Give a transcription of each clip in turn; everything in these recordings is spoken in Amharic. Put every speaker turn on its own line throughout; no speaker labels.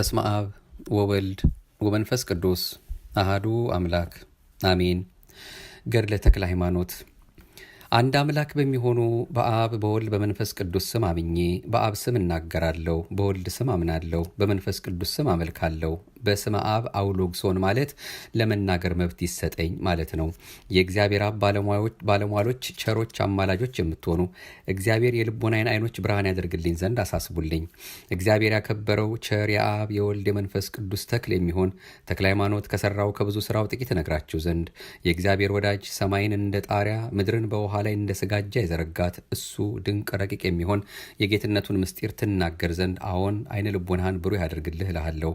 በስመ አብ ወወልድ ወመንፈስ ቅዱስ አህዱ አምላክ አሜን። ገድለ ተክለ ሃይማኖት። አንድ አምላክ በሚሆኑ በአብ በወልድ በመንፈስ ቅዱስ ስም አምኜ በአብ ስም እናገራለሁ፣ በወልድ ስም አምናለሁ፣ በመንፈስ ቅዱስ ስም አመልካለሁ፣ በስመ አብ አውሎግሶን ማለት ለመናገር መብት ይሰጠኝ ማለት ነው። የእግዚአብሔር አብ ባለሟሎች፣ ቸሮች፣ አማላጆች የምትሆኑ እግዚአብሔር የልቦናዬን አይኖች ብርሃን ያደርግልኝ ዘንድ አሳስቡልኝ። እግዚአብሔር ያከበረው ቸር የአብ የወልድ የመንፈስ ቅዱስ ተክል የሚሆን ተክለ ሃይማኖት ከሰራው ከብዙ ስራው ጥቂት እነግራችሁ ዘንድ የእግዚአብሔር ወዳጅ ሰማይን እንደ ጣሪያ ምድርን በውሃ ላይ እንደ ስጋጃ የዘረጋት እሱ ድንቅ ረቂቅ የሚሆን የጌትነቱን ምስጢር ትናገር ዘንድ አዎን አይነ ልቦናህን ብሩህ ያደርግልህ እልሃለሁ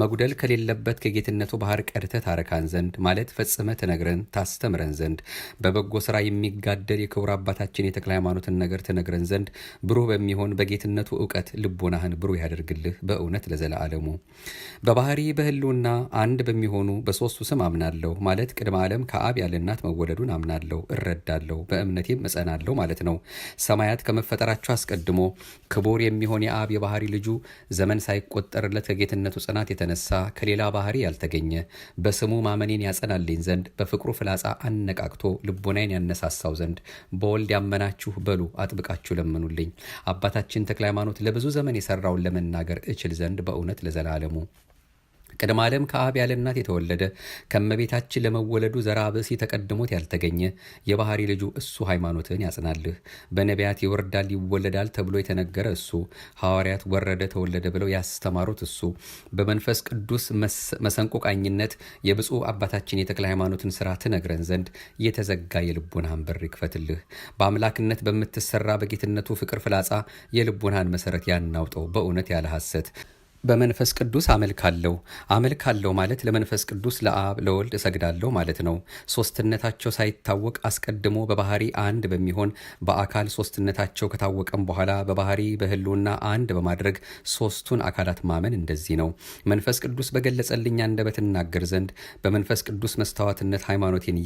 መጉደ በደል ከሌለበት ከጌትነቱ ባህር ቀድተ ታረካን ዘንድ ማለት ፈጽመ ትነግረን ታስተምረን ዘንድ በበጎ ስራ የሚጋደል የክቡር አባታችን የተክለ ሃይማኖትን ነገር ትነግረን ዘንድ ብሩህ በሚሆን በጌትነቱ እውቀት ልቦናህን ብሩህ ያደርግልህ በእውነት ለዘለዓለሙ። በባህሪ በህልውና አንድ በሚሆኑ በሶስቱ ስም አምናለሁ ማለት ቅድመ ዓለም ከአብ ያለ እናት መወለዱን አምናለሁ፣ እረዳለሁ፣ በእምነቴም እጸናለሁ ማለት ነው። ሰማያት ከመፈጠራቸው አስቀድሞ ክቡር የሚሆን የአብ የባህሪ ልጁ ዘመን ሳይቆጠርለት ከጌትነቱ ጽናት የተነሳ ከሌላ ባህሪ ያልተገኘ በስሙ ማመኔን ያጸናልኝ ዘንድ በፍቅሩ ፍላጻ አነቃቅቶ ልቦናዬን ያነሳሳው ዘንድ በወልድ ያመናችሁ በሉ አጥብቃችሁ ለምኑልኝ። አባታችን ተክለ ሃይማኖት ለብዙ ዘመን የሰራውን ለመናገር እችል ዘንድ በእውነት ለዘላለሙ ቅድመ አደም ከአብ ያለ እናት የተወለደ ከመቤታችን ለመወለዱ ዘራ ብእሲ ተቀድሞት ያልተገኘ የባህሪ ልጁ እሱ ሃይማኖትን ያጽናልህ። በነቢያት ይወርዳል ይወለዳል ተብሎ የተነገረ እሱ ሐዋርያት ወረደ ተወለደ ብለው ያስተማሩት እሱ በመንፈስ ቅዱስ መሰንቆቃኝነት ቃኝነት የብፁዕ አባታችን የተክለ ሃይማኖትን ስራ ትነግረን ዘንድ የተዘጋ የልቡናህን በር ይክፈትልህ። በአምላክነት በምትሰራ በጌትነቱ ፍቅር ፍላጻ የልቡናን መሰረት ያናውጠው በእውነት ያለ ሐሰት በመንፈስ ቅዱስ አመልካለሁ። አመልካለሁ ማለት ለመንፈስ ቅዱስ ለአብ ለወልድ እሰግዳለሁ ማለት ነው። ሶስትነታቸው ሳይታወቅ አስቀድሞ በባህሪ አንድ በሚሆን በአካል ሶስትነታቸው ከታወቀም በኋላ በባህሪ በህልውና አንድ በማድረግ ሶስቱን አካላት ማመን እንደዚህ ነው። መንፈስ ቅዱስ በገለጸልኝ አንደበት እናገር ዘንድ በመንፈስ ቅዱስ መስታወትነት ሃይማኖቴን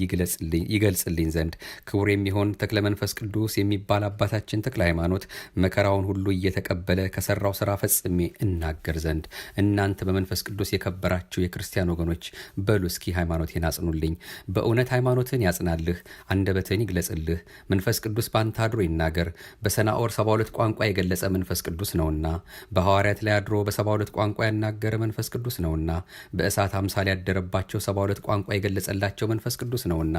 ይገልጽልኝ ዘንድ ክቡር የሚሆን ተክለ መንፈስ ቅዱስ የሚባል አባታችን ተክለ ሃይማኖት መከራውን ሁሉ እየተቀበለ ከሰራው ስራ ፈጽሜ እናገር ዘንድ ዘንድ እናንተ በመንፈስ ቅዱስ የከበራችሁ የክርስቲያን ወገኖች በሉ እስኪ ሃይማኖቴን አጽኑልኝ። በእውነት ሃይማኖትን ያጽናልህ፣ አንደበትን ይግለጽልህ። መንፈስ ቅዱስ በአንተ አድሮ ይናገር። በሰናኦር 72 ቋንቋ የገለጸ መንፈስ ቅዱስ ነውና፣ በሐዋርያት ላይ አድሮ በሰባ ሁለት ቋንቋ ያናገረ መንፈስ ቅዱስ ነውና፣ በእሳት አምሳል ያደረባቸው 72 ቋንቋ የገለጸላቸው መንፈስ ቅዱስ ነውና፣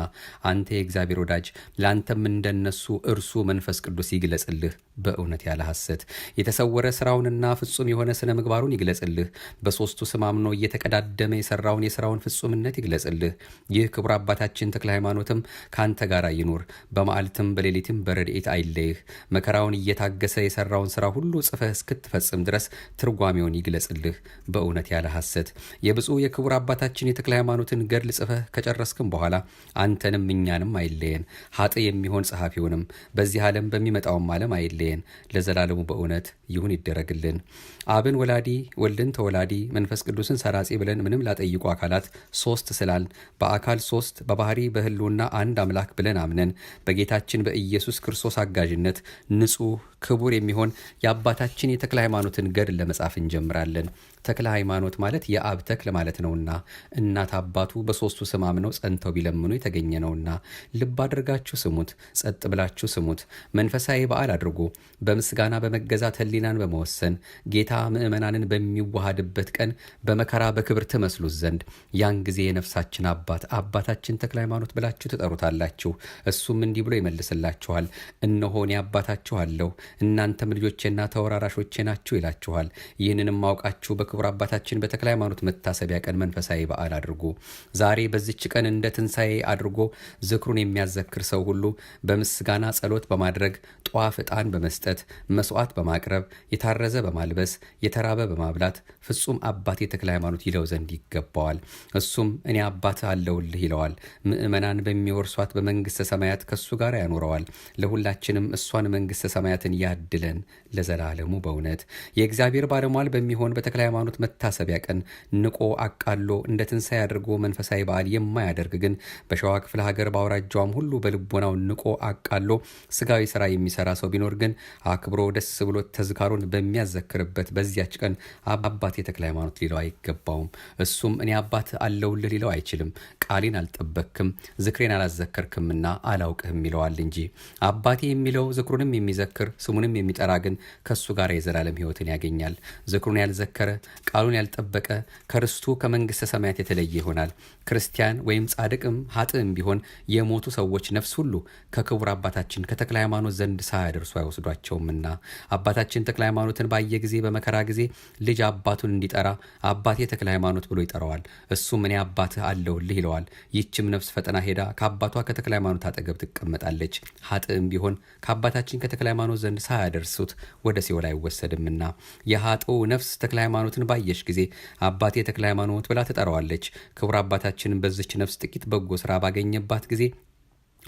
አንተ የእግዚአብሔር ወዳጅ ለአንተም እንደነሱ እርሱ መንፈስ ቅዱስ ይግለጽልህ። በእውነት ያለ ሐሰት የተሰወረ ስራውንና ፍጹም የሆነ ስነ ምግባሩን ይግለጽልህ። በሦስቱ ስም አምኖ እየተቀዳደመ የሠራውን የሥራውን ፍጹምነት ይግለጽልህ። ይህ ክቡር አባታችን ተክለ ሃይማኖትም ከአንተ ጋር ይኑር፣ በመዓልትም በሌሊትም በረድኤት አይለይህ። መከራውን እየታገሰ የሠራውን ሥራ ሁሉ ጽፈህ እስክትፈጽም ድረስ ትርጓሜውን ይግለጽልህ። በእውነት ያለ ሐሰት የብፁዕ የክቡር አባታችን የተክለ ሃይማኖትን ገድል ጽፈህ ከጨረስክም በኋላ አንተንም እኛንም አይለየን፣ ሀጥ የሚሆን ጸሐፊውንም በዚህ ዓለም በሚመጣውም ዓለም አይለየን። ለዘላለሙ በእውነት ይሁን ይደረግልን። አብን ወላዲ ወልድን ተወላዲ መንፈስ ቅዱስን ሰራጺ ብለን ምንም ላጠይቁ አካላት ሶስት ስላል በአካል ሶስት በባህሪ በህልውና አንድ አምላክ ብለን አምነን በጌታችን በኢየሱስ ክርስቶስ አጋዥነት ንጹህ ክቡር የሚሆን የአባታችን የተክለ ሃይማኖትን ገድል ለመጻፍ እንጀምራለን። ተክለ ሃይማኖት ማለት የአብ ተክል ማለት ነውና እናት አባቱ በሶስቱ ስም አምነው ጸንተው ቢለምኑ የተገኘ ነውና ልብ አድርጋችሁ ስሙት፣ ጸጥ ብላችሁ ስሙት። መንፈሳዊ በዓል አድርጎ በምስጋና በመገዛት ህሊናን በመወሰን ጌታ ምእመናንን በሚዋሃድበት ቀን በመከራ በክብር ትመስሉት ዘንድ ያን ጊዜ የነፍሳችን አባት አባታችን ተክለ ሃይማኖት ብላችሁ ትጠሩታላችሁ። እሱም እንዲህ ብሎ ይመልስላችኋል፣ እነሆኔ አባታችሁ አለሁ እናንተም ልጆቼና ተወራራሾቼ ናችሁ ይላችኋል። ይህንንም ማውቃችሁ ክቡር አባታችን በተክለ ሃይማኖት መታሰቢያ ቀን መንፈሳዊ በዓል አድርጎ ዛሬ በዚች ቀን እንደ ትንሣኤ አድርጎ ዝክሩን የሚያዘክር ሰው ሁሉ በምስጋና ጸሎት በማድረግ ጧፍ ዕጣን በመስጠት መስዋዕት በማቅረብ የታረዘ በማልበስ የተራበ በማብላት ፍጹም አባት የተክለ ሃይማኖት ይለው ዘንድ ይገባዋል። እሱም እኔ አባት አለውልህ ይለዋል። ምእመናን በሚወርሷት በመንግሥተ ሰማያት ከእሱ ጋር ያኖረዋል። ለሁላችንም እሷን መንግሥተ ሰማያትን ያድለን ለዘላለሙ በእውነት የእግዚአብሔር ባለሟል በሚሆን በተክለ ሃይማኖት የሃይማኖት መታሰቢያ ቀን ንቆ አቃሎ እንደ ትንሣኤ አድርጎ መንፈሳዊ በዓል የማያደርግ ግን በሸዋ ክፍለ ሀገር በአውራጃዋም ሁሉ በልቦናው ንቆ አቃሎ ስጋዊ ስራ የሚሰራ ሰው ቢኖር ግን አክብሮ ደስ ብሎ ተዝካሮን በሚያዘክርበት በዚያች ቀን አባቴ ተክለ ሃይማኖት ሊለው አይገባውም። እሱም እኔ አባት አለውልህ ሊለው አይችልም። ቃሌን አልጠበክም፣ ዝክሬን አላዘከርክምና አላውቅህም ይለዋል እንጂ አባቴ የሚለው ዝክሩንም የሚዘክር ስሙንም የሚጠራ ግን ከእሱ ጋር የዘላለም ህይወትን ያገኛል። ዝክሩን ያልዘከረ ቃሉን ያልጠበቀ ከርስቱ ከመንግሥተ ሰማያት የተለየ ይሆናል። ክርስቲያን ወይም ጻድቅም ሀጥም ቢሆን የሞቱ ሰዎች ነፍስ ሁሉ ከክቡር አባታችን ከተክለ ሃይማኖት ዘንድ ሳያደርሱ አይወስዷቸውምና አባታችን ተክለ ሃይማኖትን ባየ ጊዜ በመከራ ጊዜ ልጅ አባቱን እንዲጠራ አባቴ ተክለ ሃይማኖት ብሎ ይጠራዋል። እሱም እኔ አባትህ አለሁልህ ይለዋል። ይችም ነፍስ ፈጠና ሄዳ ከአባቷ ከተክለ ሃይማኖት አጠገብ ትቀመጣለች። ሀጥም ቢሆን ከአባታችን ከተክለ ሃይማኖት ዘንድ ሳያደርሱት ወደ ሲኦል አይወሰድምና የሀጡ ነፍስ ተክለ ሃይማኖትን ነፍስን ባየች ጊዜ አባቴ ተክለ ሃይማኖት ብላ ትጠራዋለች። ክቡር አባታችን በዝች ነፍስ ጥቂት በጎ ስራ ባገኘባት ጊዜ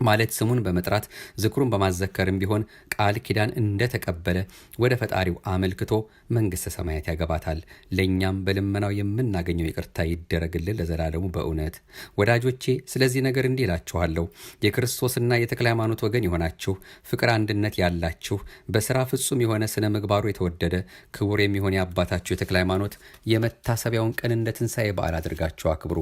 ማለት ስሙን በመጥራት ዝክሩን በማዘከርም ቢሆን ቃል ኪዳን እንደተቀበለ ወደ ፈጣሪው አመልክቶ መንግሥተ ሰማያት ያገባታል። ለእኛም በልመናው የምናገኘው ይቅርታ ይደረግልን ለዘላለሙ በእውነት። ወዳጆቼ ስለዚህ ነገር እንዲህ እላችኋለሁ። የክርስቶስና የተክለ ሃይማኖት ወገን የሆናችሁ ፍቅር፣ አንድነት ያላችሁ በስራ ፍጹም የሆነ ስነ ምግባሩ የተወደደ ክቡር የሚሆን የአባታችሁ የተክለ ሃይማኖት የመታሰቢያውን ቀን እንደ ትንሣኤ በዓል አድርጋችሁ አክብሩ።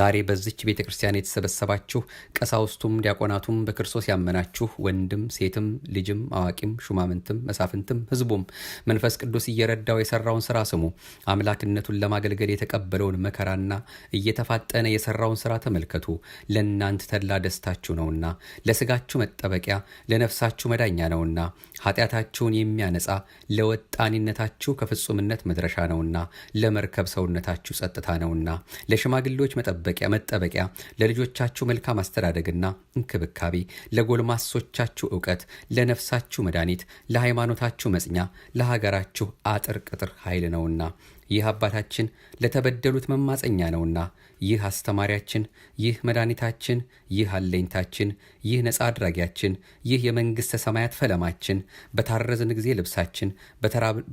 ዛሬ በዚች ቤተ ክርስቲያን የተሰበሰባችሁ ቀሳውስቱም ዲያቆና ካህናቱም በክርስቶስ ያመናችሁ ወንድም ሴትም ልጅም አዋቂም ሹማምንትም መሳፍንትም ህዝቡም መንፈስ ቅዱስ እየረዳው የሰራውን ስራ ስሙ። አምላክነቱን ለማገልገል የተቀበለውን መከራና እየተፋጠነ የሰራውን ስራ ተመልከቱ። ለእናንት ተድላ ደስታችሁ ነውና፣ ለስጋችሁ መጠበቂያ ለነፍሳችሁ መዳኛ ነውና፣ ኃጢአታችሁን የሚያነጻ ለወጣኒነታችሁ ከፍጹምነት መድረሻ ነውና፣ ለመርከብ ሰውነታችሁ ጸጥታ ነውና፣ ለሽማግሌዎች መጠበቂያ መጠበቂያ ለልጆቻችሁ መልካም አስተዳደግና እንክብ እንክብካቤ፣ ለጎልማሶቻችሁ እውቀት፣ ለነፍሳችሁ መድኃኒት፣ ለሃይማኖታችሁ መጽኛ፣ ለሀገራችሁ አጥር ቅጥር ኃይል ነውና ይህ አባታችን ለተበደሉት መማፀኛ ነውና፣ ይህ አስተማሪያችን፣ ይህ መድኃኒታችን፣ ይህ አለኝታችን፣ ይህ ነፃ አድራጊያችን፣ ይህ የመንግሥተ ሰማያት ፈለማችን፣ በታረዝን ጊዜ ልብሳችን፣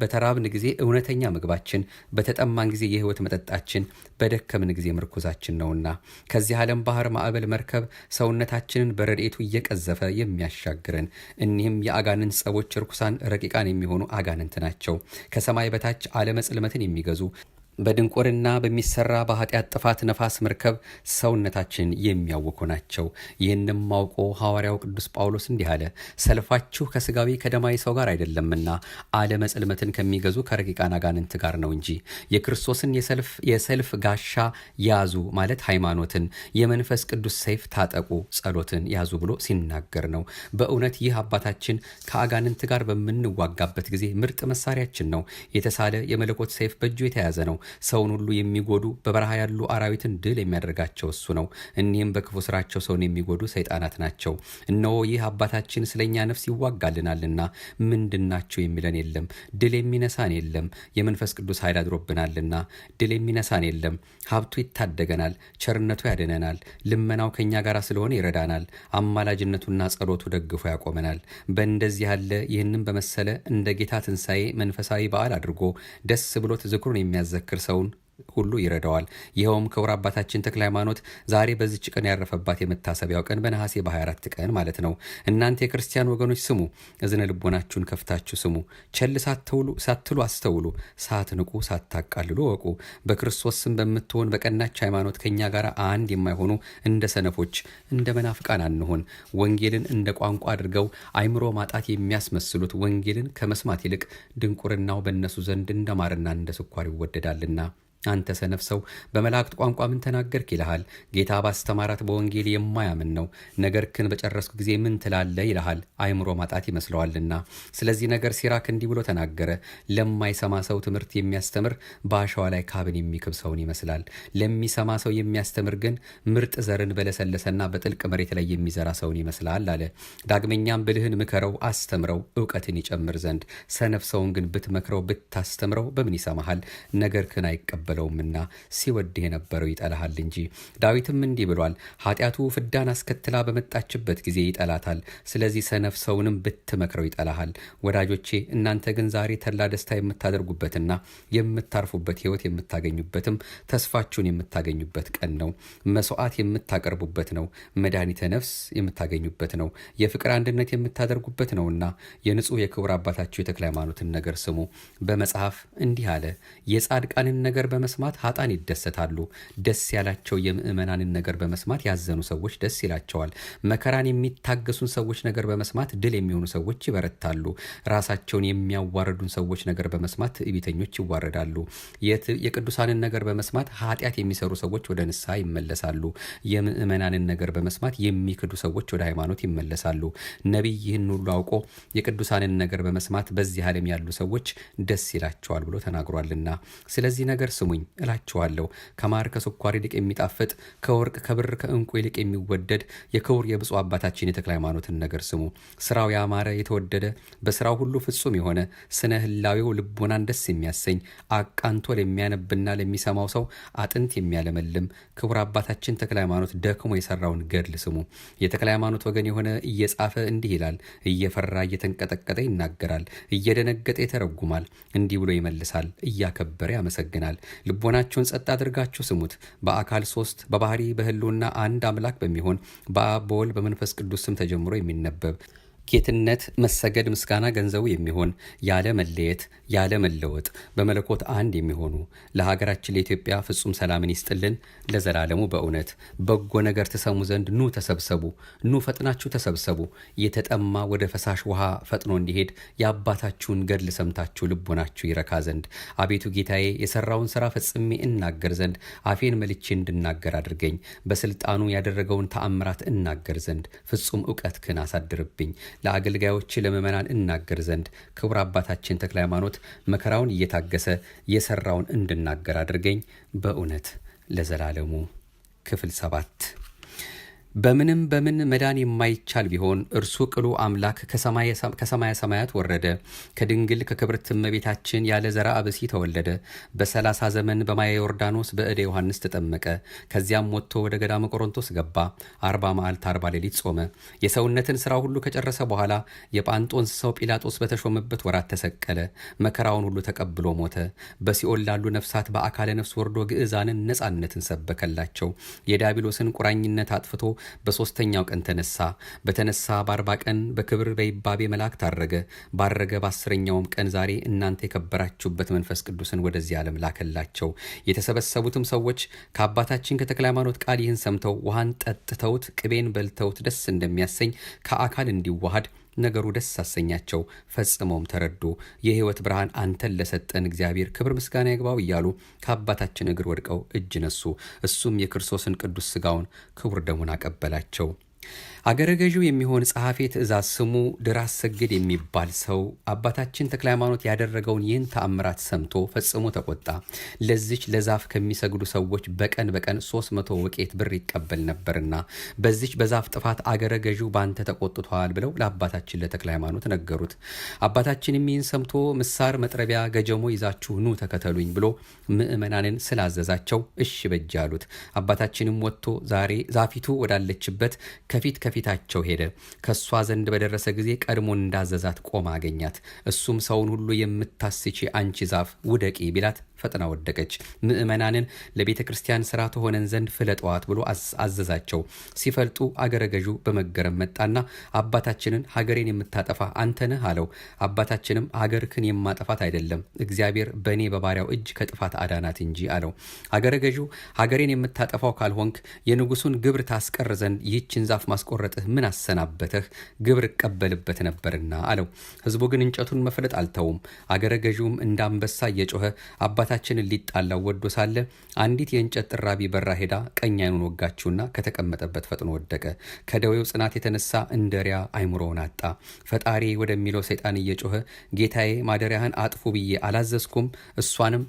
በተራብን ጊዜ እውነተኛ ምግባችን፣ በተጠማን ጊዜ የሕይወት መጠጣችን፣ በደከምን ጊዜ ምርኩዛችን ነውና ከዚህ ዓለም ባህር ማዕበል መርከብ ሰውነታችንን በረድኤቱ እየቀዘፈ የሚያሻግረን እኒህም የአጋንንት ጸቦች ርኩሳን ረቂቃን የሚሆኑ አጋንንት ናቸው። ከሰማይ በታች አለመጽልመትን የሚ የሚገዙ በድንቁርና በሚሰራ በኃጢአት ጥፋት ነፋስ መርከብ ሰውነታችን የሚያውኩ ናቸው። ይህንም አውቆ ሐዋርያው ቅዱስ ጳውሎስ እንዲህ አለ፣ ሰልፋችሁ ከስጋዊ ከደማዊ ሰው ጋር አይደለምና ዓለመ ጽልመትን ከሚገዙ ከረቂቃን አጋንንት ጋር ነው እንጂ። የክርስቶስን የሰልፍ ጋሻ ያዙ ማለት ሃይማኖትን፣ የመንፈስ ቅዱስ ሰይፍ ታጠቁ ጸሎትን ያዙ ብሎ ሲናገር ነው። በእውነት ይህ አባታችን ከአጋንንት ጋር በምንዋጋበት ጊዜ ምርጥ መሳሪያችን ነው። የተሳለ የመለኮት ሰይፍ በእጁ የተያዘ ነው። ሰውን ሁሉ የሚጎዱ በበረሃ ያሉ አራዊትን ድል የሚያደርጋቸው እሱ ነው። እኒህም በክፉ ስራቸው ሰውን የሚጎዱ ሰይጣናት ናቸው። እነሆ ይህ አባታችን ስለኛ ነፍስ ይዋጋልናልና ምንድናቸው የሚለን የለም። ድል የሚነሳን የለም። የመንፈስ ቅዱስ ኃይል አድሮብናልና ድል የሚነሳን የለም። ሀብቱ ይታደገናል፣ ቸርነቱ ያድነናል፣ ልመናው ከእኛ ጋር ስለሆነ ይረዳናል፣ አማላጅነቱና ጸሎቱ ደግፎ ያቆመናል። በእንደዚህ ያለ ይህንም በመሰለ እንደ ጌታ ትንሣኤ መንፈሳዊ በዓል አድርጎ ደስ ብሎት ዝክሩን የሚያዘክር የሚያክር ሰውን ሁሉ ይረዳዋል። ይኸውም ክቡር አባታችን ተክለ ሃይማኖት ዛሬ በዚች ቀን ያረፈባት የመታሰቢያው ቀን በነሐሴ በ24 ቀን ማለት ነው። እናንተ የክርስቲያን ወገኖች ስሙ፣ እዝነ ልቦናችሁን ከፍታችሁ ስሙ። ቸል ሳትሉ አስተውሉ፣ ሳትንቁ ሳታቃልሉ እወቁ። በክርስቶስ ስም በምትሆን በቀናች ሃይማኖት ከእኛ ጋር አንድ የማይሆኑ እንደ ሰነፎች እንደ መናፍቃን አንሆን። ወንጌልን እንደ ቋንቋ አድርገው አይምሮ ማጣት የሚያስመስሉት ወንጌልን ከመስማት ይልቅ ድንቁርናው በእነሱ ዘንድ እንደ ማርና እንደ ስኳር ይወደዳልና አንተ ሰነፍ ሰው በመላእክት ቋንቋ ምን ተናገርክ ይልሃል። ጌታ ባስተማራት በወንጌል የማያምን ነው። ነገር ግን በጨረስኩ ጊዜ ምን ትላለህ ይልሃል። አይምሮ ማጣት ይመስለዋልና። ስለዚህ ነገር ሲራክ እንዲህ ብሎ ተናገረ። ለማይሰማ ሰው ትምህርት የሚያስተምር በአሸዋ ላይ ካብን የሚክብ ሰውን ይመስላል። ለሚሰማ ሰው የሚያስተምር ግን ምርጥ ዘርን በለሰለሰና በጥልቅ መሬት ላይ የሚዘራ ሰውን ይመስላል አለ። ዳግመኛም ብልህን ምከረው፣ አስተምረው እውቀትን ይጨምር ዘንድ። ሰነፍ ሰውን ግን ብትመክረው፣ ብታስተምረው በምን ይሰማሃል? ነገር ግን አይቀበል አይቀበለውምና ሲወድህ የነበረው ይጠላሃል እንጂ። ዳዊትም እንዲህ ብሏል፣ ኃጢአቱ ፍዳን አስከትላ በመጣችበት ጊዜ ይጠላታል። ስለዚህ ሰነፍ ሰውንም ብትመክረው ይጠላሃል። ወዳጆቼ እናንተ ግን ዛሬ ተላ ደስታ የምታደርጉበትና የምታርፉበት ህይወት የምታገኙበትም ተስፋችሁን የምታገኙበት ቀን ነው። መስዋዕት የምታቀርቡበት ነው። መድኃኒተ ነፍስ የምታገኙበት ነው። የፍቅር አንድነት የምታደርጉበት ነውና የንጹሕ የክቡር አባታችሁ የተክለ ሃይማኖትን ነገር ስሙ። በመጽሐፍ እንዲህ አለ የጻድቃንን ነገር በመስማት ሀጣን ይደሰታሉ። ደስ ያላቸው የምዕመናንን ነገር በመስማት ያዘኑ ሰዎች ደስ ይላቸዋል። መከራን የሚታገሱን ሰዎች ነገር በመስማት ድል የሚሆኑ ሰዎች ይበረታሉ። ራሳቸውን የሚያዋርዱን ሰዎች ነገር በመስማት ትዕቢተኞች ይዋረዳሉ። የቅዱሳንን ነገር በመስማት ኃጢአት የሚሰሩ ሰዎች ወደ ንስሐ ይመለሳሉ። የምዕመናንን ነገር በመስማት የሚክዱ ሰዎች ወደ ሃይማኖት ይመለሳሉ። ነቢይ ይህን ሁሉ አውቆ የቅዱሳንን ነገር በመስማት በዚህ ዓለም ያሉ ሰዎች ደስ ይላቸዋል ብሎ ተናግሯልና ስለዚህ ነገር ስሙ ስሙኝ እላችኋለሁ። ከማር ከስኳር ይልቅ የሚጣፍጥ ከወርቅ ከብር ከእንቁ ይልቅ የሚወደድ የክቡር የብፁዕ አባታችን የተክለ ሃይማኖትን ነገር ስሙ። ስራው ያማረ የተወደደ በስራው ሁሉ ፍጹም የሆነ ስነ ህላዊው ልቦናን ደስ የሚያሰኝ አቃንቶ ለሚያነብና ለሚሰማው ሰው አጥንት የሚያለመልም ክቡር አባታችን ተክለ ሃይማኖት ደክሞ የሰራውን ገድል ስሙ። የተክለ ሃይማኖት ወገን የሆነ እየጻፈ እንዲህ ይላል። እየፈራ እየተንቀጠቀጠ ይናገራል። እየደነገጠ ይተረጉማል። እንዲህ ብሎ ይመልሳል። እያከበረ ያመሰግናል። ልቦናቸውን ጸጥ አድርጋችሁ ስሙት። በአካል ሶስት በባህሪ በህልውና አንድ አምላክ በሚሆን በአብ በወልድ በመንፈስ ቅዱስ ስም ተጀምሮ የሚነበብ ጌትነት መሰገድ ምስጋና ገንዘቡ የሚሆን ያለ መለየት ያለ መለወጥ በመለኮት አንድ የሚሆኑ ለሀገራችን ለኢትዮጵያ ፍጹም ሰላምን ይስጥልን ለዘላለሙ። በእውነት በጎ ነገር ትሰሙ ዘንድ ኑ ተሰብሰቡ፣ ኑ ፈጥናችሁ ተሰብሰቡ። የተጠማ ወደ ፈሳሽ ውሃ ፈጥኖ እንዲሄድ የአባታችሁን ገድል ሰምታችሁ ልቦናችሁ ይረካ ዘንድ አቤቱ ጌታዬ የሰራውን ስራ ፈጽሜ እናገር ዘንድ አፌን መልቼ እንድናገር አድርገኝ። በስልጣኑ ያደረገውን ተአምራት እናገር ዘንድ ፍጹም እውቀትህን አሳድርብኝ። ለአገልጋዮች ለምእመናን እናገር ዘንድ ክቡር አባታችን ተክለ ሃይማኖት መከራውን እየታገሰ የሰራውን እንድናገር አድርገኝ በእውነት ለዘላለሙ። ክፍል ሰባት በምንም በምን መዳን የማይቻል ቢሆን እርሱ ቅሉ አምላክ ከሰማየ ሰማያት ወረደ፣ ከድንግል ከክብርት እመቤታችን ያለ ዘራ አብሲ ተወለደ። በሰላሳ ዘመን በማየ ዮርዳኖስ በእደ ዮሐንስ ተጠመቀ። ከዚያም ወጥቶ ወደ ገዳመ ቆሮንቶስ ገባ። አርባ መዓልት አርባ ሌሊት ጾመ። የሰውነትን ሥራ ሁሉ ከጨረሰ በኋላ የጳንጦን ሰው ጲላጦስ በተሾመበት ወራት ተሰቀለ። መከራውን ሁሉ ተቀብሎ ሞተ። በሲኦል ላሉ ነፍሳት በአካለ ነፍስ ወርዶ ግዕዛንን ነፃነትን ሰበከላቸው። የዲያብሎስን ቁራኝነት አጥፍቶ በሦስተኛው ቀን ተነሳ። በተነሳ በአርባ ቀን በክብር በይባቤ መልአክ ታረገ። ባረገ በአስረኛውም ቀን ዛሬ እናንተ የከበራችሁበት መንፈስ ቅዱስን ወደዚህ ዓለም ላከላቸው። የተሰበሰቡትም ሰዎች ከአባታችን ከተክለ ሃይማኖት ቃል ይህን ሰምተው ውሃን ጠጥተውት ቅቤን በልተውት ደስ እንደሚያሰኝ ከአካል እንዲዋሃድ ነገሩ ደስ አሰኛቸው፣ ፈጽመውም ተረዱ። የህይወት ብርሃን አንተን ለሰጠን እግዚአብሔር ክብር ምስጋና ይግባው እያሉ ከአባታችን እግር ወድቀው እጅ ነሱ። እሱም የክርስቶስን ቅዱስ ስጋውን ክቡር ደሙን አቀበላቸው። አገረ ገዢው የሚሆን ጸሐፌ ትእዛዝ ስሙ ድራስ ሰግድ የሚባል ሰው አባታችን ተክለ ሃይማኖት ያደረገውን ይህን ተአምራት ሰምቶ ፈጽሞ ተቆጣ። ለዚች ለዛፍ ከሚሰግዱ ሰዎች በቀን በቀን 300 ወቄት ብር ይቀበል ነበርና በዚች በዛፍ ጥፋት አገረ ገዢው ባንተ ተቆጥቷል ብለው ለአባታችን ለተክለ ሃይማኖት ነገሩት። አባታችን ይህን ሰምቶ ምሳር፣ መጥረቢያ፣ ገጀሞ ይዛችሁ ኑ ተከተሉኝ ብሎ ምእመናንን ስላዘዛቸው እሽ በጅ አሉት። አባታችንም ወጥቶ ዛሬ ዛፊቱ ወዳለችበት ከፊት ከፊታቸው ሄደ። ከእሷ ዘንድ በደረሰ ጊዜ ቀድሞ እንዳዘዛት ቆማ አገኛት። እሱም ሰውን ሁሉ የምታስቺ አንቺ ዛፍ ውደቂ ቢላት ፈጥና ወደቀች። ምዕመናንን ለቤተ ክርስቲያን ስራ ትሆነን ዘንድ ፍለጠዋት ብሎ አዘዛቸው። ሲፈልጡ አገረ ገዡ በመገረም መጣና አባታችንን ሀገሬን የምታጠፋ አንተነህ አለው። አባታችንም ሀገርክን የማጠፋት አይደለም እግዚአብሔር በእኔ በባሪያው እጅ ከጥፋት አዳናት እንጂ አለው። አገረ ገዡ ሀገሬን የምታጠፋው ካልሆንክ የንጉሱን ግብር ታስቀር ዘንድ ይህችን ዛፍ ማስቆረጥህ ምን አሰናበተህ? ግብር እቀበልበት ነበርና አለው። ህዝቡ ግን እንጨቱን መፍለጥ አልተውም። አገረ ገዥውም እንደ አንበሳ እየጮኸ አባታ አባታችንን ሊጣላው ወዶ ሳለ አንዲት የእንጨት ጥራቢ በራ ሄዳ ቀኝ አይኑን ወጋችውና ከተቀመጠበት ፈጥኖ ወደቀ። ከደዌው ጽናት የተነሳ እንደሪያ አይምሮውን አጣ። ፈጣሪ ወደሚለው ሰይጣን እየጮኸ ጌታዬ ማደሪያህን አጥፉ ብዬ አላዘዝኩም እሷንም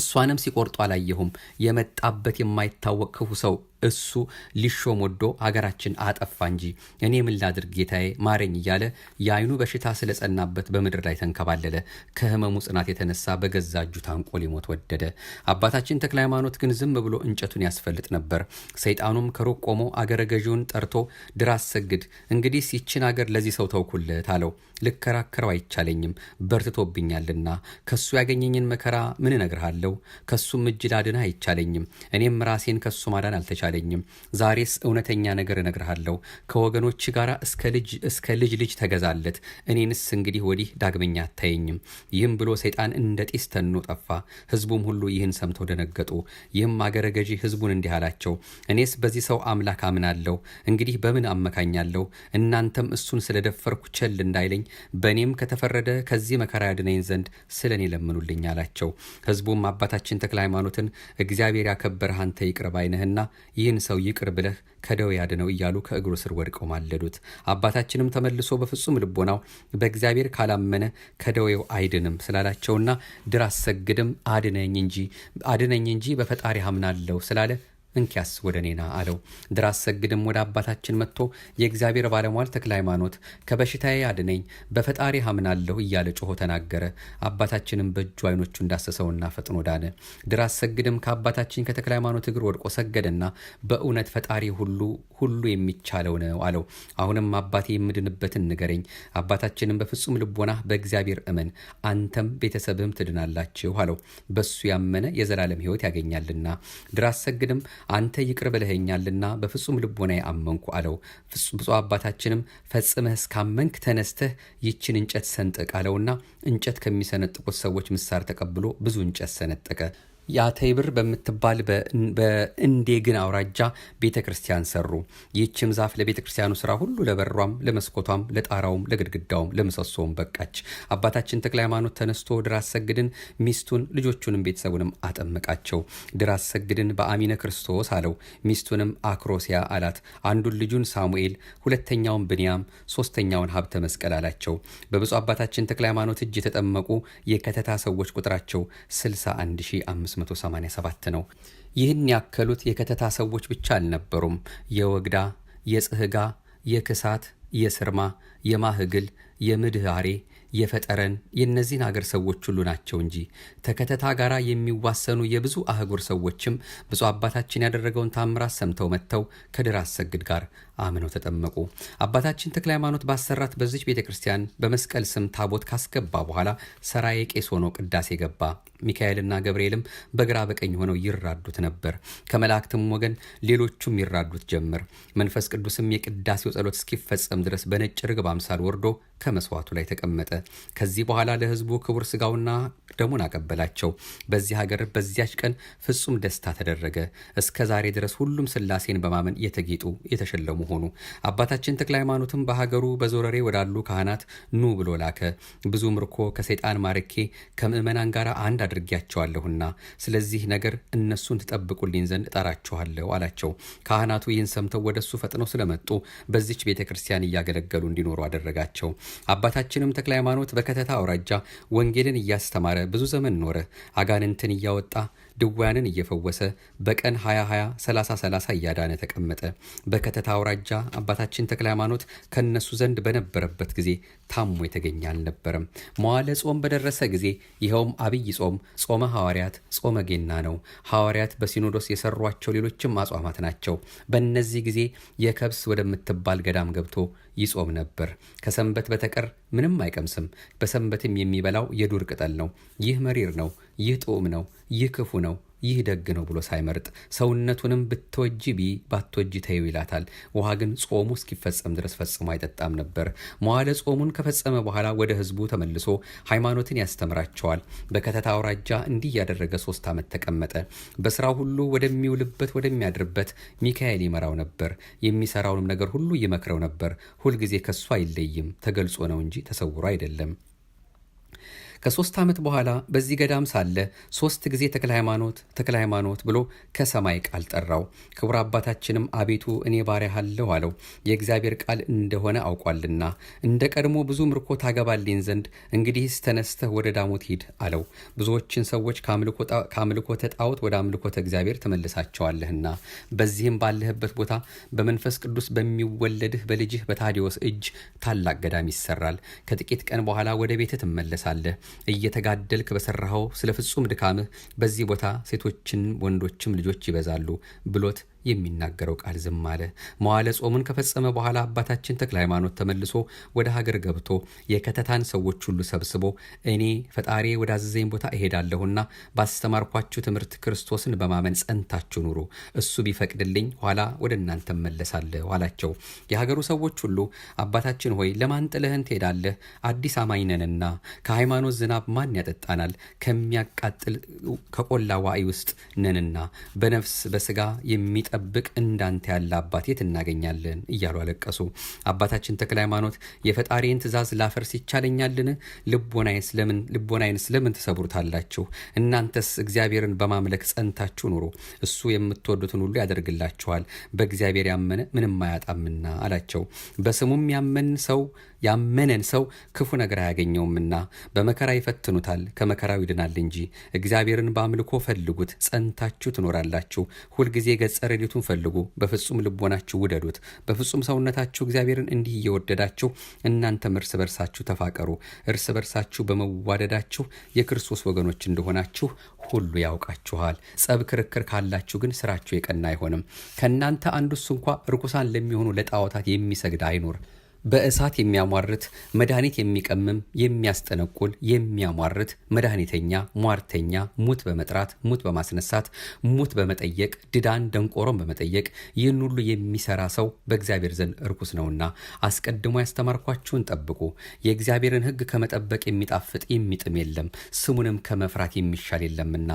እሷንም ሲቆርጡ አላየሁም። የመጣበት የማይታወቅ ክፉ ሰው እሱ ሊሾም ወዶ ሀገራችን አጠፋ እንጂ እኔ ምን ላድርግ ጌታዬ ማረኝ እያለ የአይኑ በሽታ ስለጸናበት በምድር ላይ ተንከባለለ። ከህመሙ ጽናት የተነሳ በገዛ እጁ ታንቆ ሊሞት ወደደ። አባታችን ተክለ ሃይማኖት ግን ዝም ብሎ እንጨቱን ያስፈልጥ ነበር። ሰይጣኑም ከሩቅ ቆሞ አገረ ገዢውን ጠርቶ ድራስ ሰግድ እንግዲህ ይችን አገር ለዚህ ሰው ተውኩለት አለው። ልከራከረው አይቻለኝም በርትቶብኛልና፣ ከሱ ያገኘኝን መከራ ምን እነግርሃለሁ? ከሱም እጅ ላድንህ አይቻለኝም። እኔም ራሴን ከሱ ማዳን አልተቻለ አላለኝም። ዛሬስ እውነተኛ ነገር እነግርሃለሁ። ከወገኖች ጋር እስከ ልጅ ልጅ ተገዛለት። እኔንስ እንግዲህ ወዲህ ዳግመኛ አታየኝም። ይህም ብሎ ሰይጣን እንደ ጢስ ተኖ ጠፋ። ህዝቡም ሁሉ ይህን ሰምተው ደነገጡ። ይህም አገረ ገዢ ህዝቡን እንዲህ አላቸው፣ እኔስ በዚህ ሰው አምላክ አምናለሁ። እንግዲህ በምን አመካኛለሁ? እናንተም እሱን ስለደፈርኩ ቸል እንዳይለኝ በእኔም ከተፈረደ ከዚህ መከራ ያድነኝ ዘንድ ስለ እኔ ለምኑልኝ አላቸው። ህዝቡም አባታችን ተክለ ሃይማኖትን እግዚአብሔር ያከበረህ አንተ ይቅር ባይ ይህን ሰው ይቅር ብለህ ከደዌ ያድነው እያሉ ከእግሩ ስር ወድቀው ማለዱት። አባታችንም ተመልሶ በፍጹም ልቦናው በእግዚአብሔር ካላመነ ከደዌው አይድንም ስላላቸውና ድር አሰግድም አድነኝ እንጂ አድነኝ እንጂ በፈጣሪ አምናለሁ ስላለ እንኪያስ ወደ እኔና አለው። ድራስ ሰግድም ወደ አባታችን መጥቶ የእግዚአብሔር ባለሟል ተክለ ሃይማኖት ከበሽታዬ አድነኝ፣ በፈጣሪ አምናለሁ እያለ ጮሆ ተናገረ። አባታችንም በእጁ አይኖቹ እንዳሰሰውና ፈጥኖ ዳነ። ድራስ ሰግድም ከአባታችን ከተክለ ሃይማኖት እግር ወድቆ ሰገደና በእውነት ፈጣሪ ሁሉ ሁሉ የሚቻለው ነው አለው። አሁንም አባቴ የምድንበትን ንገረኝ። አባታችንም በፍጹም ልቦና በእግዚአብሔር እመን፣ አንተም ቤተሰብህም ትድናላችሁ አለው። በሱ ያመነ የዘላለም ህይወት ያገኛልና ድራስ ሰግድም አንተ ይቅር ብለኸኛልና በፍጹም ልቦና አመንኩ አለው። ብፁዕ አባታችንም ፈጽመህ እስካመንክ ተነስተህ ይችን እንጨት ሰንጥቅ አለውና እንጨት ከሚሰነጥቁት ሰዎች ምሳር ተቀብሎ ብዙ እንጨት ሰነጠቀ። የአተይብር በምትባል በእንዴግን አውራጃ ቤተ ክርስቲያን ሰሩ። ይህችም ዛፍ ለቤተ ክርስቲያኑ ስራ ሁሉ ለበሯም፣ ለመስኮቷም፣ ለጣራውም፣ ለግድግዳውም፣ ለምሰሶውም በቃች። አባታችን ተክለ ሃይማኖት ተነስቶ ድራስ ሰግድን ሚስቱን ልጆቹንም ቤተሰቡንም አጠመቃቸው። ድራስ ሰግድን በአሚነ ክርስቶስ አለው። ሚስቱንም አክሮሲያ አላት። አንዱን ልጁን ሳሙኤል፣ ሁለተኛውን ብንያም፣ ሶስተኛውን ሀብተ መስቀል አላቸው። በብፁ አባታችን ተክለ ሃይማኖት እጅ የተጠመቁ የከተታ ሰዎች ቁጥራቸው 61 1687 ነው። ይህን ያከሉት የከተታ ሰዎች ብቻ አልነበሩም። የወግዳ፣ የጽህጋ፣ የክሳት፣ የስርማ፣ የማህግል፣ የምድሃሬ፣ የፈጠረን የእነዚህን አገር ሰዎች ሁሉ ናቸው እንጂ ተከተታ ጋር የሚዋሰኑ የብዙ አህጉር ሰዎችም ብፁዕ አባታችን ያደረገውን ታምራት ሰምተው መጥተው ከድር አሰግድ ጋር አምነው ተጠመቁ። አባታችን ተክለ ሃይማኖት ባሰራት በዚች ቤተ ክርስቲያን በመስቀል ስም ታቦት ካስገባ በኋላ ሰራዬ ቄስ ሆኖ ቅዳሴ ገባ። ሚካኤልና ገብርኤልም በግራ በቀኝ ሆነው ይራዱት ነበር። ከመላእክትም ወገን ሌሎቹም ይራዱት ጀመር። መንፈስ ቅዱስም የቅዳሴው ጸሎት እስኪፈጸም ድረስ በነጭ ርግብ አምሳል ወርዶ ከመስዋዕቱ ላይ ተቀመጠ። ከዚህ በኋላ ለሕዝቡ ክቡር ስጋውና ደሙን አቀበላቸው። በዚህ ሀገር በዚያች ቀን ፍጹም ደስታ ተደረገ። እስከ ዛሬ ድረስ ሁሉም ስላሴን በማመን የተጌጡ የተሸለሙ በመሆኑ አባታችን ተክለ ሃይማኖትም በሀገሩ በዞረሬ ወዳሉ ካህናት ኑ ብሎ ላከ። ብዙ ምርኮ ከሰይጣን ማርኬ ከምእመናን ጋር አንድ አድርጌያቸዋለሁና ስለዚህ ነገር እነሱን ትጠብቁልኝ ዘንድ እጠራችኋለሁ አላቸው። ካህናቱ ይህን ሰምተው ወደሱ ፈጥነው ስለመጡ በዚች ቤተ ክርስቲያን እያገለገሉ እንዲኖሩ አደረጋቸው። አባታችንም ተክለ ሃይማኖት በከተታ አውራጃ ወንጌልን እያስተማረ ብዙ ዘመን ኖረ። አጋንንትን እያወጣ ድውያንን እየፈወሰ በቀን 2020 30 30 እያዳነ ተቀመጠ። በከተታ አውራጃ አባታችን ተክለ ሃይማኖት ከእነሱ ዘንድ በነበረበት ጊዜ ታሞ የተገኘ አልነበረም። መዋለ ጾም በደረሰ ጊዜ ይኸውም አብይ ጾም፣ ጾመ ሐዋርያት፣ ጾመ ጌና ነው። ሐዋርያት በሲኖዶስ የሰሯቸው ሌሎችም አጽዋማት ናቸው። በእነዚህ ጊዜ የከብስ ወደምትባል ገዳም ገብቶ ይጾም ነበር። ከሰንበት በተቀር ምንም አይቀምስም። በሰንበትም የሚበላው የዱር ቅጠል ነው። ይህ መሪር ነው። ይህ ጦም ነው፣ ይህ ክፉ ነው፣ ይህ ደግ ነው ብሎ ሳይመርጥ ሰውነቱንም ብትወጅ ቢ ባትወጅ ተይው ይላታል። ውሃ ግን ጾሙ እስኪፈጸም ድረስ ፈጽሞ አይጠጣም ነበር። መዋለ ጾሙን ከፈጸመ በኋላ ወደ ህዝቡ ተመልሶ ሃይማኖትን ያስተምራቸዋል። በከተታ አውራጃ እንዲህ ያደረገ ሶስት ዓመት ተቀመጠ። በስራው ሁሉ ወደሚውልበት ወደሚያድርበት ሚካኤል ይመራው ነበር። የሚሰራውንም ነገር ሁሉ ይመክረው ነበር። ሁልጊዜ ከሱ አይለይም። ተገልጾ ነው እንጂ ተሰውሮ አይደለም። ከሶስት ዓመት በኋላ በዚህ ገዳም ሳለ ሶስት ጊዜ ተክለ ሃይማኖት ተክለ ሃይማኖት ብሎ ከሰማይ ቃል ጠራው። ክቡር አባታችንም አቤቱ እኔ ባሪያህ አለው። የእግዚአብሔር ቃል እንደሆነ አውቋልና እንደ ቀድሞ ብዙ ምርኮ ታገባልኝ ዘንድ እንግዲህስ ተነስተህ ወደ ዳሞት ሂድ አለው። ብዙዎችን ሰዎች ከአምልኮተ ጣዖት ወደ አምልኮተ እግዚአብሔር ትመልሳቸዋለህና በዚህም ባለህበት ቦታ በመንፈስ ቅዱስ በሚወለድህ በልጅህ በታዲዎስ እጅ ታላቅ ገዳም ይሰራል። ከጥቂት ቀን በኋላ ወደ ቤትህ ትመለሳለህ። እየተጋደልክ በሰራኸው ስለ ፍጹም ድካምህ በዚህ ቦታ ሴቶችን ወንዶችም ልጆች ይበዛሉ ብሎት የሚናገረው ቃል ዝም አለ። መዋለ ጾሙን ከፈጸመ በኋላ አባታችን ተክለ ሃይማኖት ተመልሶ ወደ ሀገር ገብቶ የከተታን ሰዎች ሁሉ ሰብስቦ እኔ ፈጣሪ ወዳዘዘኝ ቦታ እሄዳለሁና ባስተማርኳችሁ ትምህርት ክርስቶስን በማመን ጸንታችሁ ኑሩ፣ እሱ ቢፈቅድልኝ ኋላ ወደ እናንተ እመለሳለሁ አላቸው። የሀገሩ ሰዎች ሁሉ አባታችን ሆይ ለማን ጥለህን ትሄዳለህ? አዲስ አማኝ ነንና ከሃይማኖት ዝናብ ማን ያጠጣናል? ከሚያቃጥል ከቆላ ዋይ ውስጥ ነንና በነፍስ በስጋ የሚጠ የሚጠብቅ እንዳንተ ያለ አባት የት እናገኛለን? እያሉ አለቀሱ። አባታችን ተክለ ሃይማኖት የፈጣሪን ትእዛዝ ላፈርስ ይቻለኛልን? ልቦናዬን ስለምን ትሰብሩታላችሁ? እናንተስ እግዚአብሔርን በማምለክ ጸንታችሁ ኑሩ። እሱ የምትወዱትን ሁሉ ያደርግላችኋል። በእግዚአብሔር ያመነ ምንም አያጣምና አላቸው። በስሙም ያመን ሰው ያመነን ሰው ክፉ ነገር አያገኘውምና በመከራ ይፈትኑታል፣ ከመከራው ይድናል እንጂ እግዚአብሔርን በአምልኮ ፈልጉት፣ ጸንታችሁ ትኖራላችሁ። ሁልጊዜ ገጸርን ረድኤቱን ፈልጉ፣ በፍጹም ልቦናችሁ ውደዱት፣ በፍጹም ሰውነታችሁ እግዚአብሔርን እንዲህ እየወደዳችሁ እናንተም እርስ በርሳችሁ ተፋቀሩ። እርስ በርሳችሁ በመዋደዳችሁ የክርስቶስ ወገኖች እንደሆናችሁ ሁሉ ያውቃችኋል። ጸብ፣ ክርክር ካላችሁ ግን ስራችሁ የቀና አይሆንም። ከእናንተ አንዱስ እንኳ ርኩሳን ለሚሆኑ ለጣዖታት የሚሰግድ አይኑር። በእሳት የሚያሟርት መድኃኒት የሚቀምም የሚያስጠነቁል የሚያሟርት መድኃኒተኛ ሟርተኛ ሙት በመጥራት ሙት በማስነሳት ሙት በመጠየቅ ድዳን ደንቆሮን በመጠየቅ ይህን ሁሉ የሚሰራ ሰው በእግዚአብሔር ዘንድ እርኩስ ነውና አስቀድሞ ያስተማርኳችሁን ጠብቁ። የእግዚአብሔርን ሕግ ከመጠበቅ የሚጣፍጥ የሚጥም የለም፣ ስሙንም ከመፍራት የሚሻል የለምና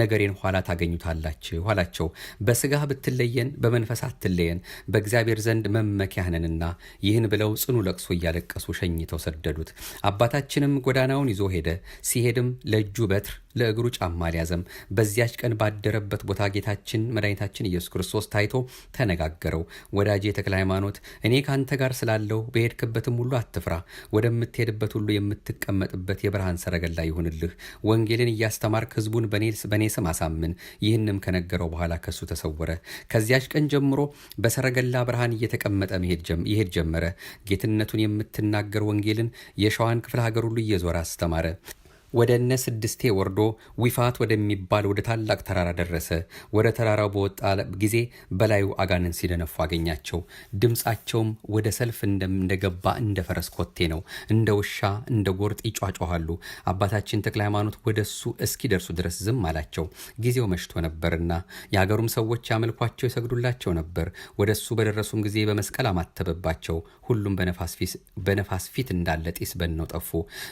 ነገሬን ኋላ ታገኙታላችሁ አላቸው። በስጋ ብትለየን በመንፈስ አትለየን፣ በእግዚአብሔር ዘንድ መመኪያህነንና ይህን ብለው በዚያው ጽኑ ለቅሶ እያለቀሱ ሸኝተው ሰደዱት። አባታችንም ጎዳናውን ይዞ ሄደ። ሲሄድም ለእጁ በትር ለእግሩ ጫማ አልያዘም። በዚያች ቀን ባደረበት ቦታ ጌታችን መድኃኒታችን ኢየሱስ ክርስቶስ ታይቶ ተነጋገረው። ወዳጄ ተክለ ሃይማኖት፣ እኔ ከአንተ ጋር ስላለው በሄድክበትም ሁሉ አትፍራ። ወደምትሄድበት ሁሉ የምትቀመጥበት የብርሃን ሰረገላ ይሁንልህ። ወንጌልን እያስተማርክ ህዝቡን በእኔ ስም አሳምን። ይህንም ከነገረው በኋላ ከሱ ተሰወረ። ከዚያች ቀን ጀምሮ በሰረገላ ብርሃን እየተቀመጠ መሄድ ይሄድ ጀመረ። ጌትነቱን የምትናገር ወንጌልን የሸዋን ክፍለ ሀገር ሁሉ እየዞረ አስተማረ። ወደ እነ ስድስቴ ወርዶ ዊፋት ወደሚባል ወደ ታላቅ ተራራ ደረሰ። ወደ ተራራው በወጣ ጊዜ በላዩ አጋንን ሲደነፉ አገኛቸው። ድምፃቸውም ወደ ሰልፍ እንደገባ እንደ ፈረስ ኮቴ ነው። እንደ ውሻ እንደ ጎርጥ ይጯጮኋሉ። አባታችን ተክለ ሃይማኖት ወደ እሱ እስኪደርሱ ድረስ ዝም አላቸው። ጊዜው መሽቶ ነበርና የአገሩም ሰዎች ያመልኳቸው ይሰግዱላቸው ነበር። ወደ እሱ በደረሱም ጊዜ በመስቀል አማተበባቸው። ሁሉም በነፋስ ፊት እንዳለ ጢስ በነው ጠፉ።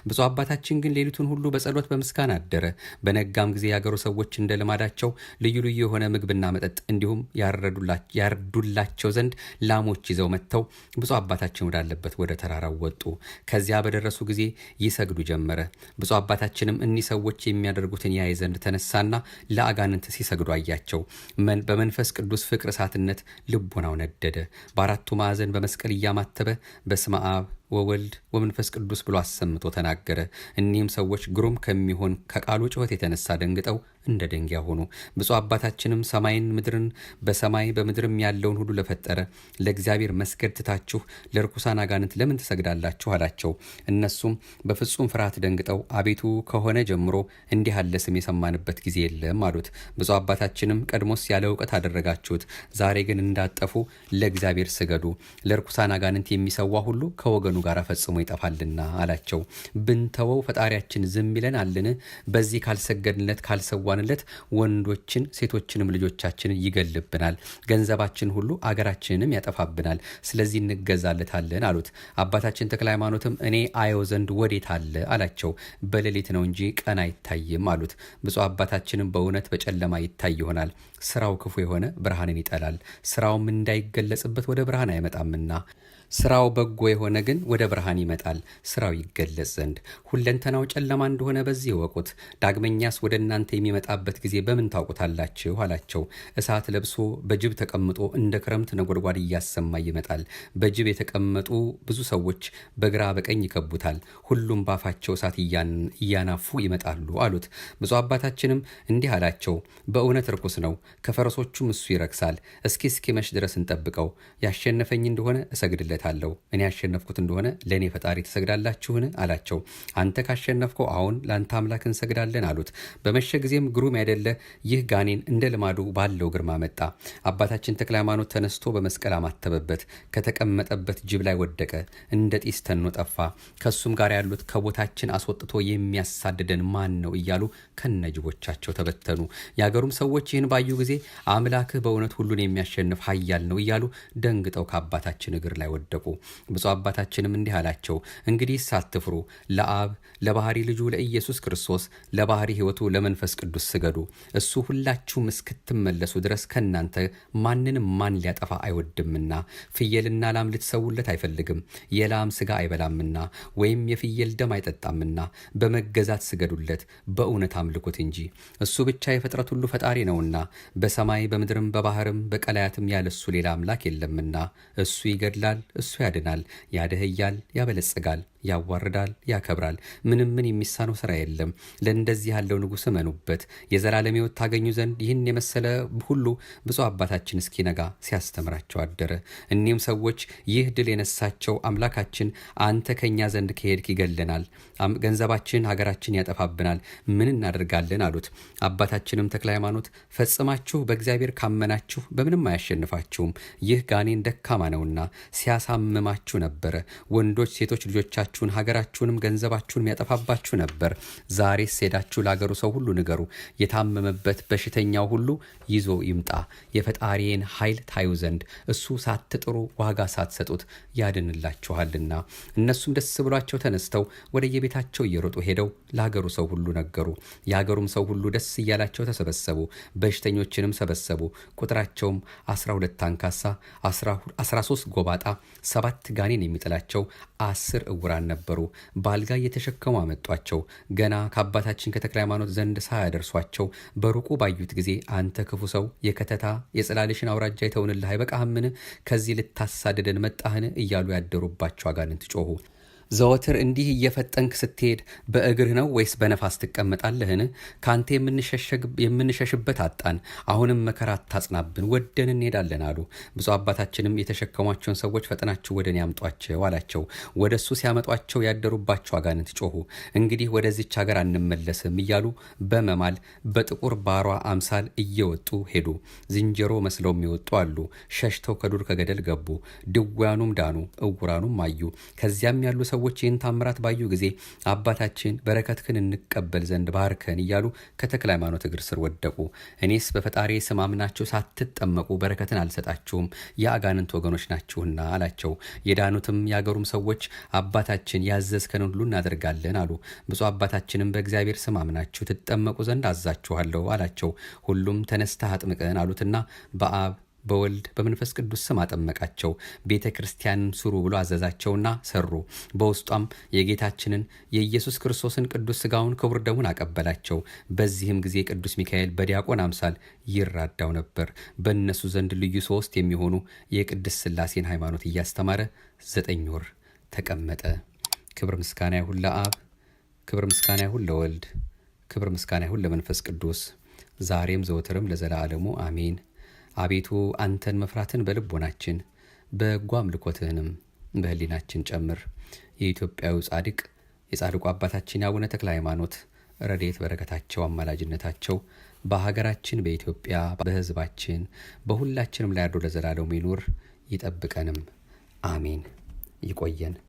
ብፁዕ አባታችን ግን ሌሊቱን ሁሉ በጸሎት በምስጋና አደረ። በነጋም ጊዜ የአገሩ ሰዎች እንደ ልማዳቸው ልዩ ልዩ የሆነ ምግብና መጠጥ እንዲሁም ያርዱላቸው ዘንድ ላሞች ይዘው መጥተው ብፁዕ አባታችን ወዳለበት ወደ ተራራው ወጡ። ከዚያ በደረሱ ጊዜ ይሰግዱ ጀመረ። ብፁዕ አባታችንም እኒህ ሰዎች የሚያደርጉትን ያይ ዘንድ ተነሳና ለአጋንንት ሲሰግዱ አያቸው። በመንፈስ ቅዱስ ፍቅር እሳትነት ልቦናው ነደደ። በአራቱ ማዕዘን በመስቀል እያማተበ በስመ አብ ወወልድ ወመንፈስ ቅዱስ ብሎ አሰምቶ ተናገረ። እኒህም ሰዎች ግሩም ከሚሆን ከቃሉ ጩኸት የተነሳ ደንግጠው እንደ ደንጊያ ሆኑ። ብፁዕ አባታችንም ሰማይን ምድርን፣ በሰማይ በምድርም ያለውን ሁሉ ለፈጠረ ለእግዚአብሔር መስገድ ትታችሁ ለርኩሳን አጋንንት ለምን ትሰግዳላችሁ? አላቸው። እነሱም በፍጹም ፍርሃት ደንግጠው አቤቱ ከሆነ ጀምሮ እንዲህ አለ ስም የሰማንበት ጊዜ የለም አሉት። ብፁዕ አባታችንም ቀድሞስ ያለ እውቀት አደረጋችሁት፣ ዛሬ ግን እንዳጠፉ ለእግዚአብሔር ስገዱ፣ ለርኩሳን አጋንንት የሚሰዋ ሁሉ ከወገኑ ጋር ፈጽሞ ይጠፋልና አላቸው። ብንተወው ፈጣሪያችን ዝም ይለናልን? በዚህ ካልሰገድንለት ካልሰዋ በተጓጓንለት ወንዶችን ሴቶችንም ልጆቻችንን ይገልብናል፣ ገንዘባችን ሁሉ አገራችንንም ያጠፋብናል። ስለዚህ እንገዛለታለን አሉት። አባታችን ተክለ ሃይማኖትም እኔ አየው ዘንድ ወዴት አለ አላቸው። በሌሊት ነው እንጂ ቀን አይታይም አሉት። ብፁዕ አባታችንም በእውነት በጨለማ ይታይ ይሆናል። ስራው ክፉ የሆነ ብርሃንን ይጠላል፣ ስራውም እንዳይገለጽበት ወደ ብርሃን አይመጣምና ስራው በጎ የሆነ ግን ወደ ብርሃን ይመጣል፣ ስራው ይገለጽ ዘንድ። ሁለንተናው ጨለማ እንደሆነ በዚህ እወቁት። ዳግመኛስ ወደ እናንተ የሚመጣበት ጊዜ በምን ታውቁታላችሁ? አላቸው። እሳት ለብሶ በጅብ ተቀምጦ እንደ ክረምት ነጎድጓድ እያሰማ ይመጣል። በጅብ የተቀመጡ ብዙ ሰዎች በግራ በቀኝ ይከቡታል። ሁሉም ባፋቸው እሳት እያናፉ ይመጣሉ አሉት። ብፁዕ አባታችንም እንዲህ አላቸው። በእውነት እርኩስ ነው፣ ከፈረሶቹም እሱ ይረክሳል። እስኪ እስኪመሽ ድረስ እንጠብቀው። ያሸነፈኝ እንደሆነ እሰግድለት አለው። እኔ ያሸነፍኩት እንደሆነ ለእኔ ፈጣሪ ትሰግዳላችሁን አላቸው። አንተ ካሸነፍከው አሁን ለአንተ አምላክ እንሰግዳለን አሉት። በመሸ ጊዜም ግሩም ያደለ ይህ ጋኔን እንደ ልማዱ ባለው ግርማ መጣ። አባታችን ተክለ ሃይማኖት ተነስቶ በመስቀል አማተበበት። ከተቀመጠበት ጅብ ላይ ወደቀ። እንደ ጢስ ተኖ ጠፋ። ከሱም ጋር ያሉት ከቦታችን አስወጥቶ የሚያሳድደን ማን ነው እያሉ ከነጅቦቻቸው ተበተኑ። የአገሩም ሰዎች ይህን ባዩ ጊዜ አምላክህ በእውነት ሁሉን የሚያሸንፍ ኃያል ነው እያሉ ደንግጠው ከአባታችን እግር ላይ ወደ ወደቁ። ብፁዕ አባታችንም እንዲህ አላቸው፣ እንግዲህ ሳትፍሩ ለአብ ለባህሪ ልጁ ለኢየሱስ ክርስቶስ ለባህሪ ሕይወቱ ለመንፈስ ቅዱስ ስገዱ። እሱ ሁላችሁም እስክትመለሱ ድረስ ከእናንተ ማንንም ማን ሊያጠፋ አይወድምና ፍየልና ላም ልትሰውለት አይፈልግም። የላም ስጋ አይበላምና ወይም የፍየል ደም አይጠጣምና በመገዛት ስገዱለት፣ በእውነት አምልኩት እንጂ እሱ ብቻ የፍጥረት ሁሉ ፈጣሪ ነውና በሰማይ በምድርም በባህርም በቀላያትም ያለሱ ሌላ አምላክ የለምና እሱ ይገድላል እሱ ያድናል፣ ያደህያል፣ ያበለጽጋል ያዋርዳል፣ ያከብራል። ምንም ምን የሚሳነው ስራ የለም። ለእንደዚህ ያለው ንጉሥ እመኑበት፣ የዘላለም ሕይወት ታገኙ ዘንድ ይህን የመሰለ ሁሉ ብፁዕ አባታችን እስኪነጋ ሲያስተምራቸው አደረ። እኒህም ሰዎች ይህ ድል የነሳቸው አምላካችን አንተ ከእኛ ዘንድ ከሄድክ ይገለናል፣ ገንዘባችን ሀገራችን ያጠፋብናል፣ ምን እናደርጋለን አሉት። አባታችንም ተክለ ሃይማኖት ፈጽማችሁ በእግዚአብሔር ካመናችሁ በምንም አያሸንፋችሁም። ይህ ጋኔን ደካማ ነውና ሲያሳምማችሁ ነበረ። ወንዶች ሴቶች ልጆቻ ህይወታችሁን፣ ሀገራችሁንም ገንዘባችሁን የሚያጠፋባችሁ ነበር። ዛሬ ሄዳችሁ ለአገሩ ሰው ሁሉ ንገሩ፣ የታመመበት በሽተኛው ሁሉ ይዞ ይምጣ፣ የፈጣሪን ኃይል ታዩ ዘንድ እሱ ሳትጥሩ ዋጋ ሳትሰጡት ያድንላችኋልና። እነሱም ደስ ብሏቸው ተነስተው ወደየቤታቸው እየሮጡ ሄደው ለሀገሩ ሰው ሁሉ ነገሩ። የአገሩም ሰው ሁሉ ደስ እያላቸው ተሰበሰቡ፣ በሽተኞችንም ሰበሰቡ። ቁጥራቸውም 12 አንካሳ፣ 13 ጎባጣ፣ ሰባት ጋኔን የሚጥላቸው አስር እውራ መምህራን ነበሩ። በአልጋ እየተሸከሙ አመጧቸው። ገና ከአባታችን ከተክለ ሃይማኖት ዘንድ ሳያደርሷቸው በሩቁ ባዩት ጊዜ አንተ ክፉ ሰው የከተታ የጽላልሽን አውራጃ የተውንልህ አይበቃህምን? ከዚህ ልታሳደደን መጣህን? እያሉ ያደሩባቸው አጋንንት ጮሁ። ዘወትር እንዲህ እየፈጠንክ ስትሄድ በእግርህ ነው ወይስ በነፋስ ትቀመጣለህን? ከአንተ የምንሸሽበት አጣን። አሁንም መከራ አታጽናብን፣ ወደን እንሄዳለን አሉ። ብፁዕ አባታችንም የተሸከሟቸውን ሰዎች ፈጥናችሁ ወደን ያምጧቸው አላቸው። ወደ እሱ ሲያመጧቸው ያደሩባቸው አጋንንት ጮኹ። እንግዲህ ወደዚች ሀገር አንመለስም እያሉ በመማል በጥቁር ባሯ አምሳል እየወጡ ሄዱ። ዝንጀሮ መስለው የሚወጡ አሉ። ሸሽተው ከዱር ከገደል ገቡ። ድውያኑም ዳኑ፣ እውራኑም አዩ። ከዚያም ያሉ ሰው ሰዎች ይህን ታምራት ባዩ ጊዜ አባታችን በረከትክን እንቀበል ዘንድ ባርከን እያሉ ከተክለ ሃይማኖት እግር ስር ወደቁ። እኔስ በፈጣሪ ስም አምናችሁ ሳትጠመቁ በረከትን አልሰጣችሁም የአጋንንት ወገኖች ናችሁና አላቸው። የዳኑትም የአገሩም ሰዎች አባታችን ያዘዝከን ሁሉ እናደርጋለን አሉ። ብፁዕ አባታችንም በእግዚአብሔር ስም አምናችሁ ትጠመቁ ዘንድ አዛችኋለሁ አላቸው። ሁሉም ተነስተህ አጥምቀን አሉትና በአብ በወልድ በመንፈስ ቅዱስ ስም አጠመቃቸው። ቤተ ክርስቲያንም ስሩ ብሎ አዘዛቸውና ሰሩ። በውስጧም የጌታችንን የኢየሱስ ክርስቶስን ቅዱስ ስጋውን ክቡር ደሙን አቀበላቸው። በዚህም ጊዜ ቅዱስ ሚካኤል በዲያቆን አምሳል ይራዳው ነበር። በእነሱ ዘንድ ልዩ ሶስት የሚሆኑ የቅድስት ስላሴን ሃይማኖት እያስተማረ ዘጠኝ ወር ተቀመጠ። ክብር ምስጋና ይሁን ለአብ፣ ክብር ምስጋና ይሁን ለወልድ፣ ክብር ምስጋና ይሁን ለመንፈስ ቅዱስ ዛሬም ዘወትርም ለዘላለሙ አሜን። አቤቱ አንተን መፍራትን በልቦናችን በጎ አምልኮትህንም በህሊናችን ጨምር። የኢትዮጵያዊ ጻድቅ የጻድቁ አባታችን የአቡነ ተክለ ሃይማኖት ረዴት በረከታቸው አማላጅነታቸው በሀገራችን በኢትዮጵያ በህዝባችን በሁላችንም ላይ አድሮ ለዘላለሙ ይኑር፣ ይጠብቀንም፣ አሜን። ይቆየን።